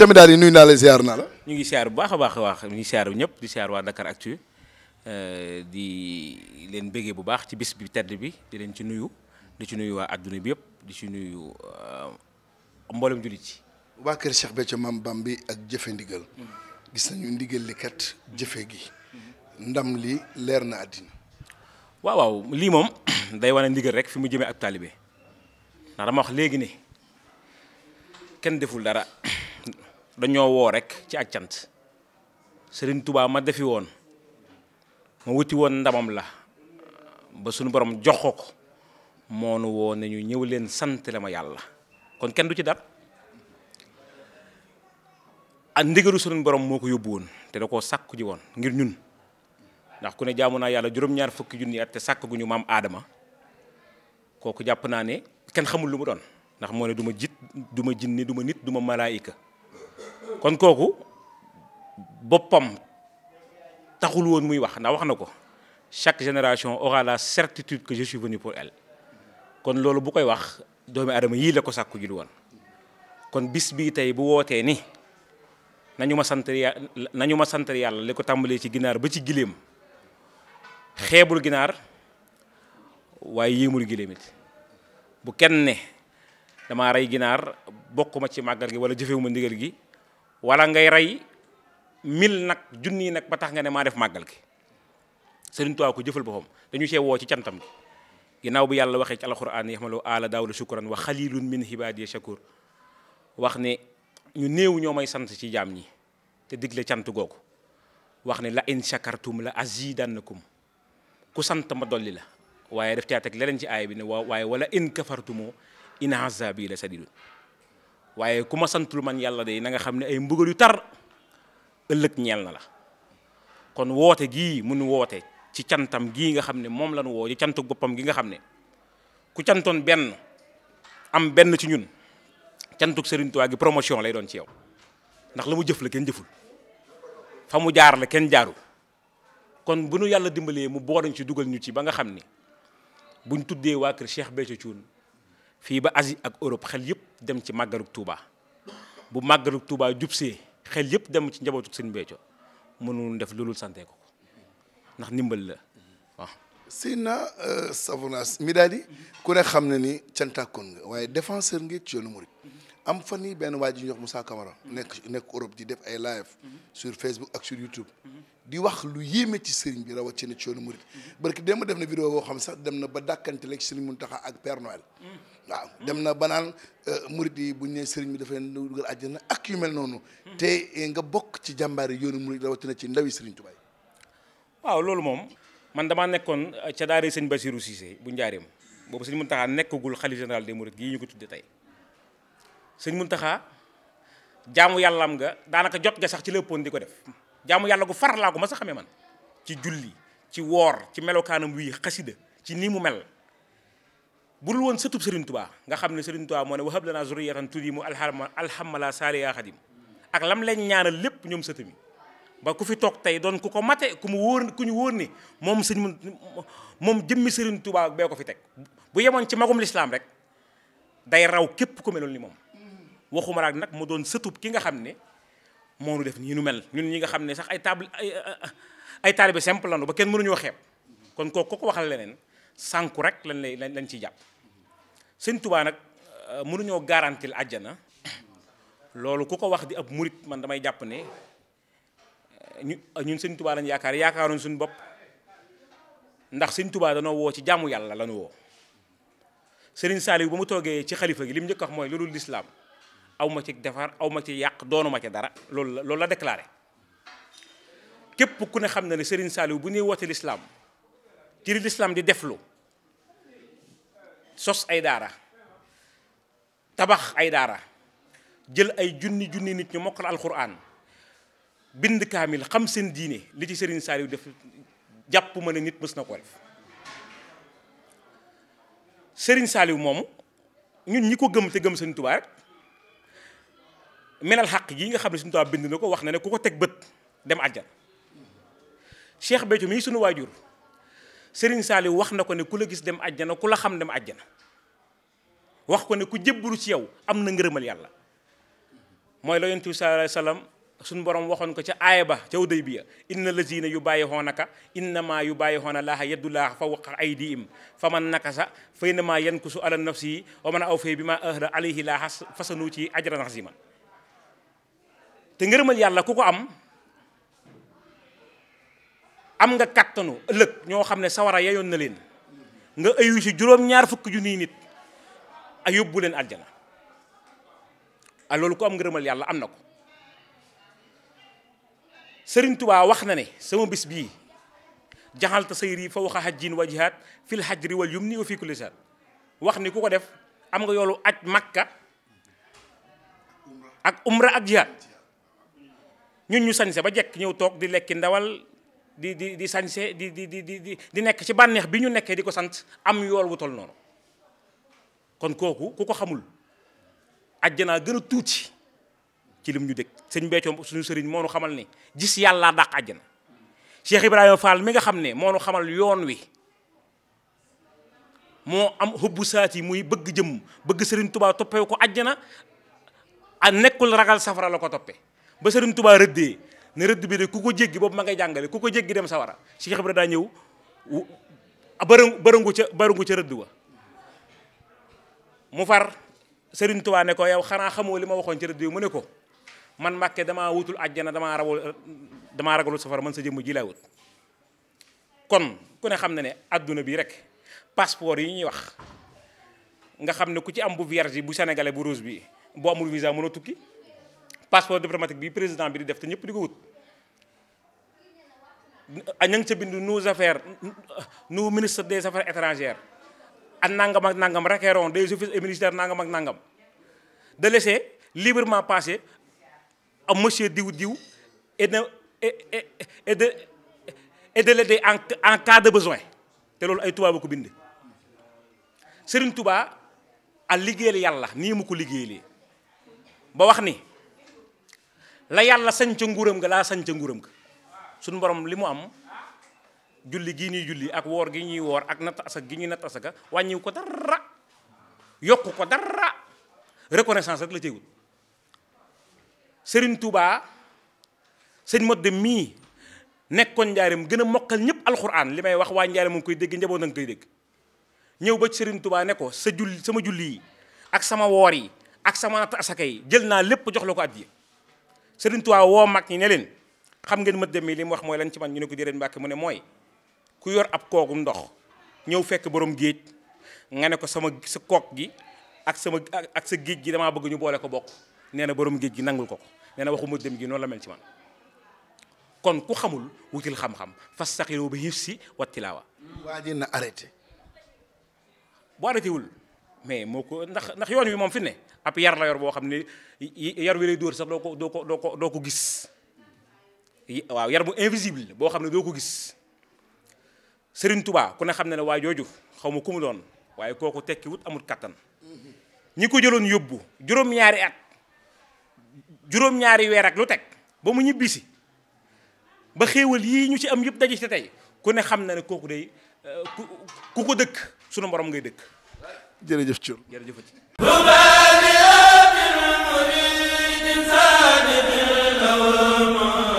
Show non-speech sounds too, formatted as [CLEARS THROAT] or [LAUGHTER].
Chami daal di nuyu naa la ziar naa la. ñu ngi ziar bu baax a baax a baax ñu ngi ziar ñëpp di ziar waa Dakaractu euh, di leen bëggee bu baax ci bis bi tedd bi di leen ci nuyu di ci nuyu waa adduna bi yëpp di ci nuyu euh, mboolem jullit ci waa kër Cheikh Béthio Maam Bam bi ak jëfe ndigal gis nañu ndigal li kat jëfe gi ndam li leer na àddina waaw waaw lii moom [CLEARS THROAT] day wane ndigal rek fi mu jëmee ak taalibe ndax dama wax léegi ne kenn deful dara [CLEARS THROAT] dañoo woo rek ci ak cant Serigne Touba ma defi woon ma wuti woon ndamam la ba suñu boroom jox ko moo nu woo ne ñu ñëw leen sant ma yàlla kon kenn du ci dara ak ndigalu suñu borom moo ko yóbbu woon te da koo sàkku ji woon ngir ñun ndax ku ne jaamu naa yàlla juróom-ñaar fukki junni at te sàkk gu ñu maam aadama kooku jàpp naa ne kenn xamul lu mu doon ndax moo ne du ma jit du ma jinni du ma nit du malaayika kon kooku boppam taxul woon muy wax ndax wax na ko chaque génération aura la certitude que je suis venu pour elle kon loolu bu koy wax doomi aadama yii la ko sàkku jul woon kon bis bi tey bu wootee ni nañu ma sant ya nañu ma sant yàlla li ko tàmbalee ci ginaar ba ci gileem xeebul ginaar waaye yéemul gileem bu kenn ne damaa rey ginaar bokkuma ci màggal gi wala jëfewuma ndigal gi wala ngay rey mil nag junni nag ba tax nga ne maa def màggal ki Sëriñ Tuubaa ko jëfal boppam dañu cee woo ci cantam gi ginnaaw bi yàlla waxee ci alquran yaxmalu aala daawuda shukran wa xalilun min hibaadiya shakur wax ne ñu néew ñoo may sant ci jaam ñi te digle cant googu wax ne la in shakartum la azidannakum ku sant ma dolli la waaye daf caa teg leneen ci aay bi ne waaye wala in kafartumoo in azabi la sa sadidun waaye ku ma santul man yàlla de nanga xam ne ay mbugal yu tar ëllëg ñeel na la kon woote gii mun woote ci cantam gii nga xam ne moom lañu woo ci cantu boppam gi nga xam ne ku cantoon benn am benn ci ñun cantuk Serigne Touba gi promotion lay doon ci yow ndax la mu jëf la kenn jëful fa mu jaar la kenn jaarul kon bu nu yàlla dimbalee mu boorañ ci dugal ñu ci ba nga xam ni buñ tuddee waa kër Cheikh Béthio Thioune fii ba Asie ak Europe xel yëpp dem ci màggaluk Touba bu màggaluk Touba jubsee xel yëpp dem ci njabootu sëñ Béthio mënul def loolu sante ko ndax ndimbal la waaw. Seydina euh, Savonaas mi daal di ku ne xam ne ni cantakoon nga waaye défenseur nga ci yoonu murit am fan yii benn waa ji ñuy wax Moussa Camara nekk nekk Europe di def ay live sur Facebook ak sur YouTube di wax lu yéeme ci sëriñ bi rawatina ci yoonu murit barki dem def na vidéo boo xam sax dem na ba dàkkante léegi sëriñ Mountakha ak Père waaw dem na banaan naan euh, murid yi bu ñu nee sëriñ bi dafa leen dugal àjjana ak yu mel noonu. te nga bokk ci jàmbaar yi yoonu murid rawatina ci ndawi sëriñ Tuubaa yi. waaw loolu moom man damaa nekkoon euh, ca daara sëñ Bassirou Cissé bu njaareem boobu sëñ Mountakha nekkagul xalif général des mourides yi ñu ko tudde tey sëñ Mountakha jaamu yàllaam nga daanaka jot nga sax ci léppoon di ko def jaamu yàlla gu far ko ma sa xamee man ci julli ci woor ci melokaanam wii xasida ci nii mu mel bu dul woon sëtub Serigne Touba nga xam ne Serigne Touba moo ne wahab lanaa zurriyatan tudimu alhamala alhamala saali yaa xadim ak lam leen ñaanal lépp ñoom sëtam yi ba ku fi toog tey doon ku ko mate ku mu wóor ku ñu wóor ni moom sëñ moom jëmmi Serigne Touba bee ko fi teg bu yemoon ci magum lislaam rek day raw képp ku meloon ni moom waxuma raak nag mu doon sëtub ki nga xam ne moo nu def nii nu mel ñun ñi nga xam ne sax ay table ay taalibe simple lanu ba kenn mënuñoo xeeb kon kooku ko waxal leneen sànku rek lañ lay lañ ci jàpp sëñ tubaa nag euh, mënuñoo garantil àjjana loolu ku ko wax di ab murit man damay jàpp ne euh, ñu ñun sëñ tubaa lañ yaakaar yaakaaroon suñu bopp ndax sëñ tubaa danoo woo ci jàmmu yàlla lañu woo sëriñ Saaliw ba mu toogee ci xalifa gi li njëkk wax mooy lu dul lislaam aw ci defar aw ma ci yàq doonu ma ci dara loolu la loolu la déclaré képp ku ne xam na ne sëriñ Saaliw bu ñuy woote lislaam ci lislaam di deflu sos ay daara tabax ay daara jël ay junni junni nit ñu mokkal alxuraan bind kaamil xam seen diine li ci sëriñ Saliou def jàpp ne nit mës na ko def Serigne Saliou moomu ñun ñi ko gëm te gëm Serigne Touba rek melal xaq yi nga xam ne Serigne Touba bind na ko wax na ne ku ko teg bët dem àjjana Cheikh Béthio mii sunu waajur Serigne saali wax na ko ne ku la gis dem àjjana ku la xam dem àjjana wax ko ne ku jébbalu ci yow am na ngërëmal yàlla mooy la yonent bi sallallahu alayhi wasallam borom waxoon ko ca aaya ba ca Hudaybiya inna lazina yubayi'unaka innama yubayi'una laaha yadullaahi fawqa aydiihim faman nakasa fa innamaa yankusu ala nafsihi wa man awfaa bimaa ahada alayhi laaha fasanuuti ajran aziiman te ngërëmal yàlla ku ko am am nga kattanu ëllëg ñoo xamne sawara yayon na leen nga ayu ci juróom-ñaar fukki junniy nit a yóbbu leen aljana a ah, lolou ko am ngeureumal yalla am nako serigne touba wax na ne sama bis sayri hajjin wa fil hajri wal yumni wa fi kulli sar wax ni kuko def am nga yolu aj makka ak umra ak jihad ñun ñu sañse ba jek ñew tok di lekki ndawal di di di sañse di di nekk ci bànneex bi ñu nekkee di ko sant am yool wu tol noonu kon kooku ku ko xamul ajjanaa gën a tuuti ci lim ñu dëkk sëñ Béthio suñu sëriñ moo nu xamal ne gis yàlla dàq àjjana Cheikh Ibrahima Fall mi nga xam ne moo nu xamal yoon wi moo am xubbu saat muy bëgg jëm bëgg sëriñ tubaa toppee ko àjjana a nekkul ragal safara la ko toppe ba sëriñ Touba rëddee ne rëdd bi de ku ko jéggi boobu ma ngay jàngale ku ko jéggi dem sawara Cheikh ibrahima daa ñëw bërëngu barangu ci bërëngu ca rëdd wa mu far Serigne Touba ne ko yow xana xamoo lima waxon ci ca rëdd yi mu ne ko man Mbàkke dama wutul aljana dama rawul dama ragalu safar man sa jëm ji lawut kon ku ne xam na ne aduna bi rek passeport yi ñi wax nga xam ne ku ci am bu vierge bu sénégalais bu rose bi boo amul visa mëno tukki passeport diplomatique bi président bi di def te ñëpp di ko wut. Ah, ñang ci bindu bind nos affaires nos ministres des affaires étrangères ak nangam ak nangam requérons des offices et ministères nangam ak nangam de laisser librement passer à monsieur diou diou et de et et, de et de l'aider en en cas de besoin te loolu ay tubaab a ko bind. Serigne Touba a liggéeyal Yalla, ni mu ko liggéeyalee ba wax ni. la yalla sañ ci nguuram ga la sañ ci nguuram ga suñu borom limu am julli gi ni julli ak wor gi ni wor ak natt asaka gi ñuy natt ga wañi ko dara yok ko dara reconnaissance rek la teewul Serigne Touba sëñ mot de mii nekkoon njaareem gën a mokkal ñëpp alxuraan li wax wa njaareem ngui koy degg ñebo nang koy degg ñew ba Serigne Touba ne ko sa julli sama julli ak sama wor yi ak sama nata asaka yi jël na lepp jox lako adiyé Sëriñ woo mag ñi ne leen xam ngeen mët demee li mu wax mooy lañ ci man ñu ne ko déedéet Mbàkke mu ne mooy ku yor ab koogu ndox ñëw fekk borom géej nga ne ko sama sa kook gi ak sama ak sa géej gi damaa bëgg ñu boole ko bokk nee na borom géej gi nangul ko ko nee na waxu mët dem gi noonu la mel ci man kon ku xamul wutil xam-xam fastaxiroo bi hifsi wa tilaawa waa dina arrêté bu arrêté wul mais moo ko ndax ndax yoon wi moom fi ne ab yar la yor boo xam ne yar wi dóor sax doo ko doo ko doo ko gis waaw yar bu invisible boo xam ne doo ko gis Serigne tubaa ku ne xam ne ne waa jooju xaw ma ku mu doon waaye kooku tekki wut amul kattan ñi ko jëloon yóbbu juróom at juróom weer ak teg ba mu ñibbisi ba xéewal yii ñu ci am yëpp daje ci tey ku ne xam na ne kooku day eh, ku ko dëkk sunu borom ngay dëkk jërëjëf Thioune jërëjëf